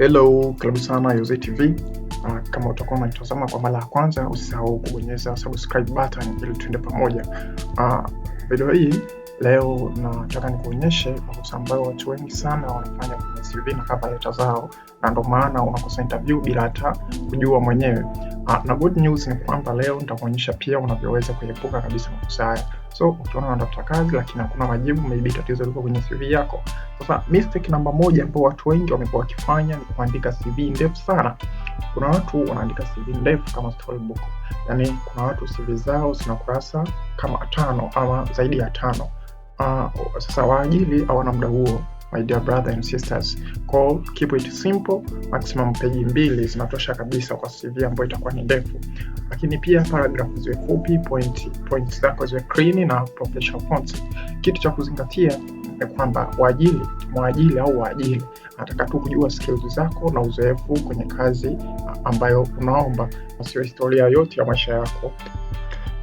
Hello, karibu sana Yuze TV. Uh, kama utakuwa unaitazama kwa mara ya kwanza, usisahau kubonyeza subscribe button ili tuende pamoja. Uh, video hii leo nataka nikuonyeshe makosa ambayo watu wengi sana wanafanya kwenye CV na cover letter zao, na ndio maana unakosa interview bila hata kujua mwenyewe. Uh, na good news ni kwamba leo nitakuonyesha pia unavyoweza kuepuka kabisa makosa haya. So ukiona unatafuta kazi lakini hakuna majibu, maybe tatizo liko kwenye CV yako sasa mistake namba moja ambayo watu wengi wamekuwa wakifanya ni kuandika CV ndefu sana. Kuna watu wanaandika CV ndefu kama storybook, yaani kuna watu CV zao zina kurasa kama tano ama zaidi ya tano. Uh, sasa waajili hawana muda huo my dear brother and sisters. Kwa keep it simple, maximum peji mbili zinatosha kabisa kwa CV ambayo itakuwa ni ndefu, lakini pia paragraph ziwe fupi, point point zako ziwe clean na professional fonts. Kitu cha kuzingatia ya kwamba waajili mwajili au waajili anataka tu kujua skills zako na uzoefu kwenye kazi ambayo unaomba, sio historia yote ya maisha yako.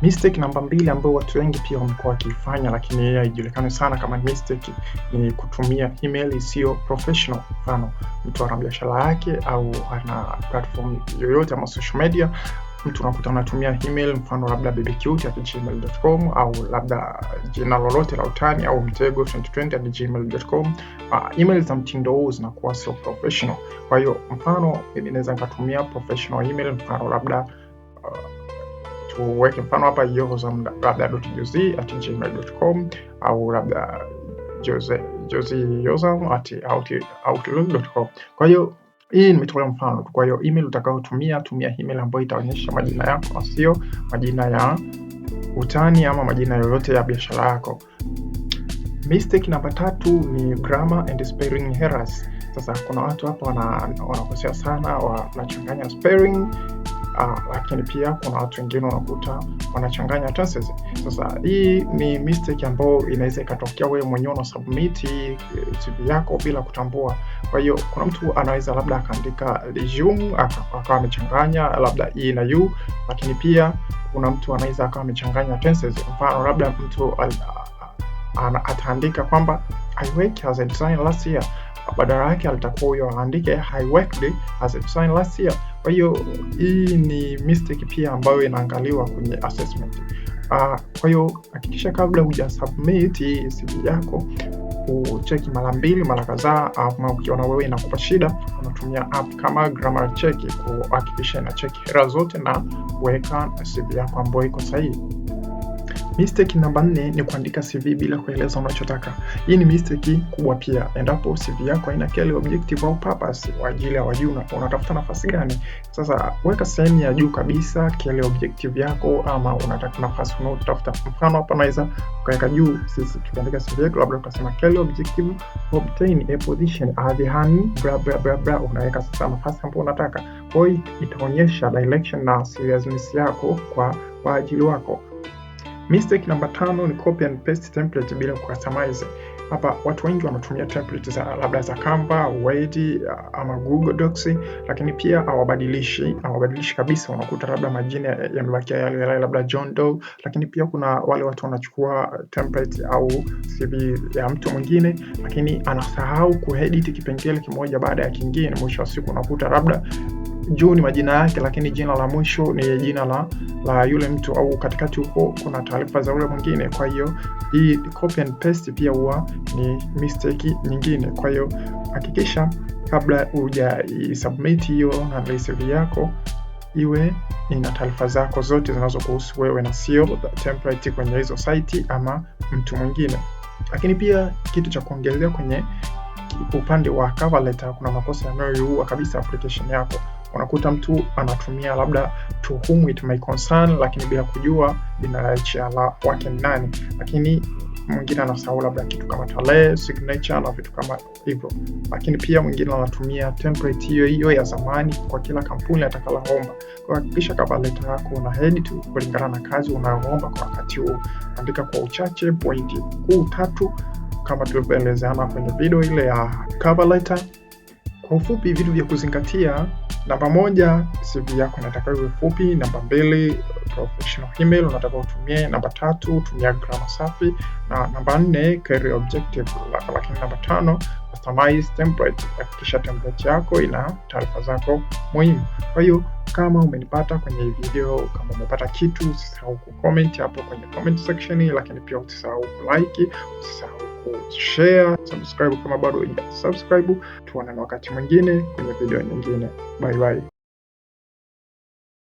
Mistake namba mbili ambayo watu wengi pia wamekuwa wakiifanya, lakini yeye haijulikani sana kama mistake, ni kutumia email isiyo professional. Mfano, mtu ana biashara yake au ana platform yoyote ama social media, mtu unakuta unatumia email, mfano labda bbqt@gmail.com au labda jina lolote la utani au mtego 2020@gmail.com. Uh, ah, email za mtindo huu zinakuwa sio professional. Kwa hiyo mfano mimi naweza nikatumia professional email, mfano labda uh, tuweke mfano hapa yozam labda .jz@gmail.com au labda jose jose yozam@outlook.com. Kwa hiyo hii nimetolea mfano tu. Kwa hiyo email utakayotumia, tumia email ambayo itaonyesha majina yako, sio majina ya utani ama majina yoyote ya biashara yako. Mistake namba tatu ni grammar and spelling errors. Sasa kuna watu hapa wanakosea sana, wanachanganya spelling uh, lakini pia kuna watu wengine wanakuta wanachanganya tenses. Sasa hii ni mistake ambayo inaweza ikatokea wewe mwenyewe una submit eh, CV yako bila kutambua. Kwa hiyo kuna mtu anaweza labda akaandika resume akawa amechanganya labda e na u, lakini pia kuna mtu anaweza akawa amechanganya tenses. Mfano labda mtu ataandika kwamba I work as a designer last year badala yake alitakuwa huyo aandike I worked as a sign last year. Kwa hiyo hii ni mistake pia ambayo inaangaliwa kwenye assessment. Uh, kwa hiyo hakikisha kabla huja submit CV yako ucheki mara mbili mara kadhaa, ah, ama ukiona wewe inakupa shida, unatumia app kama Grammar Check kuhakikisha inacheki hera zote na kuweka CV yako ambayo iko sahihi. Mistake namba nne ni kuandika CV bila kueleza unachotaka. Hii ni mistake kubwa pia. Endapo CV yako haina kile objective au purpose kwa ajili ya wajuu unatafuta nafasi gani? Sasa weka sehemu ya juu kabisa kile objective yako ama unataka nafasi unaotafuta. Mfano hapa naweza ukaweka juu, sisi tukiandika CV yetu labda ukasema kile objective obtain a position at the honey bla bla bla bla, unaweka sasa nafasi ambayo unataka. Kwa hiyo itaonyesha direction na seriousness yako kwa waajili wako. Mistake namba tano ni copy and paste template bila kucustomize. Hapa watu wengi wanatumia template za labda za Canva, Word uh, ama Google Docs, lakini pia hawabadilishi hawabadilishi kabisa. Unakuta labda majina yamebakia yale yale, labda John Doe, lakini pia kuna wale watu wanachukua template au CV ya mtu mwingine, lakini anasahau kuedit kipengele kimoja baada ya kingine. Mwisho wa siku unakuta labda juu ni majina yake, lakini jina la mwisho ni jina la, la yule mtu au katikati huko kuna taarifa za yule mwingine. Kwa hiyo hii copy and paste pia huwa ni mistake nyingine. Kwa hiyo hakikisha kabla uja submit hiyo na CV yako iwe ina taarifa zako zote zinazokuhusu wewe na sio template kwenye hizo site ama mtu mwingine. Lakini pia kitu cha kuongelea kwenye upande wa cover letter, kuna makosa yanayoua kabisa application yako unakuta mtu anatumia labda to whom it may concern, lakini bila kujua jina la wake ni nani, lakini mwingine anasahau labda kitu kama tarehe, signature na vitu kama hivyo. Lakini pia mwingine anatumia template hiyo hiyo ya zamani kwa kila kampuni atakaloomba. Kwa hakikisha kama leta yako una head tu kulingana na kazi unayoomba kwa wakati huo. Andika kwa uchache pointi kuu tatu kama tulivyoelezeana kwenye video ile ya cover letter kwa ufupi, vitu vya kuzingatia: namba moja, CV yako inatakiwa iwe fupi. Namba mbili, professional email unataka utumie. Namba tatu, tumia grama safi, na namba nne, career objective. Lakini namba tano, customize template, hakikisha template yako ina taarifa zako muhimu. Kwa hiyo kama umenipata kwenye video, kama umepata kitu, usisahau kucomment hapo kwenye comment section, lakini pia usisahau kulike, usisahau kushare, subscribe kama bado hujasubscribe. Tuonane wakati mwingine kwenye video nyingine. Bye bye.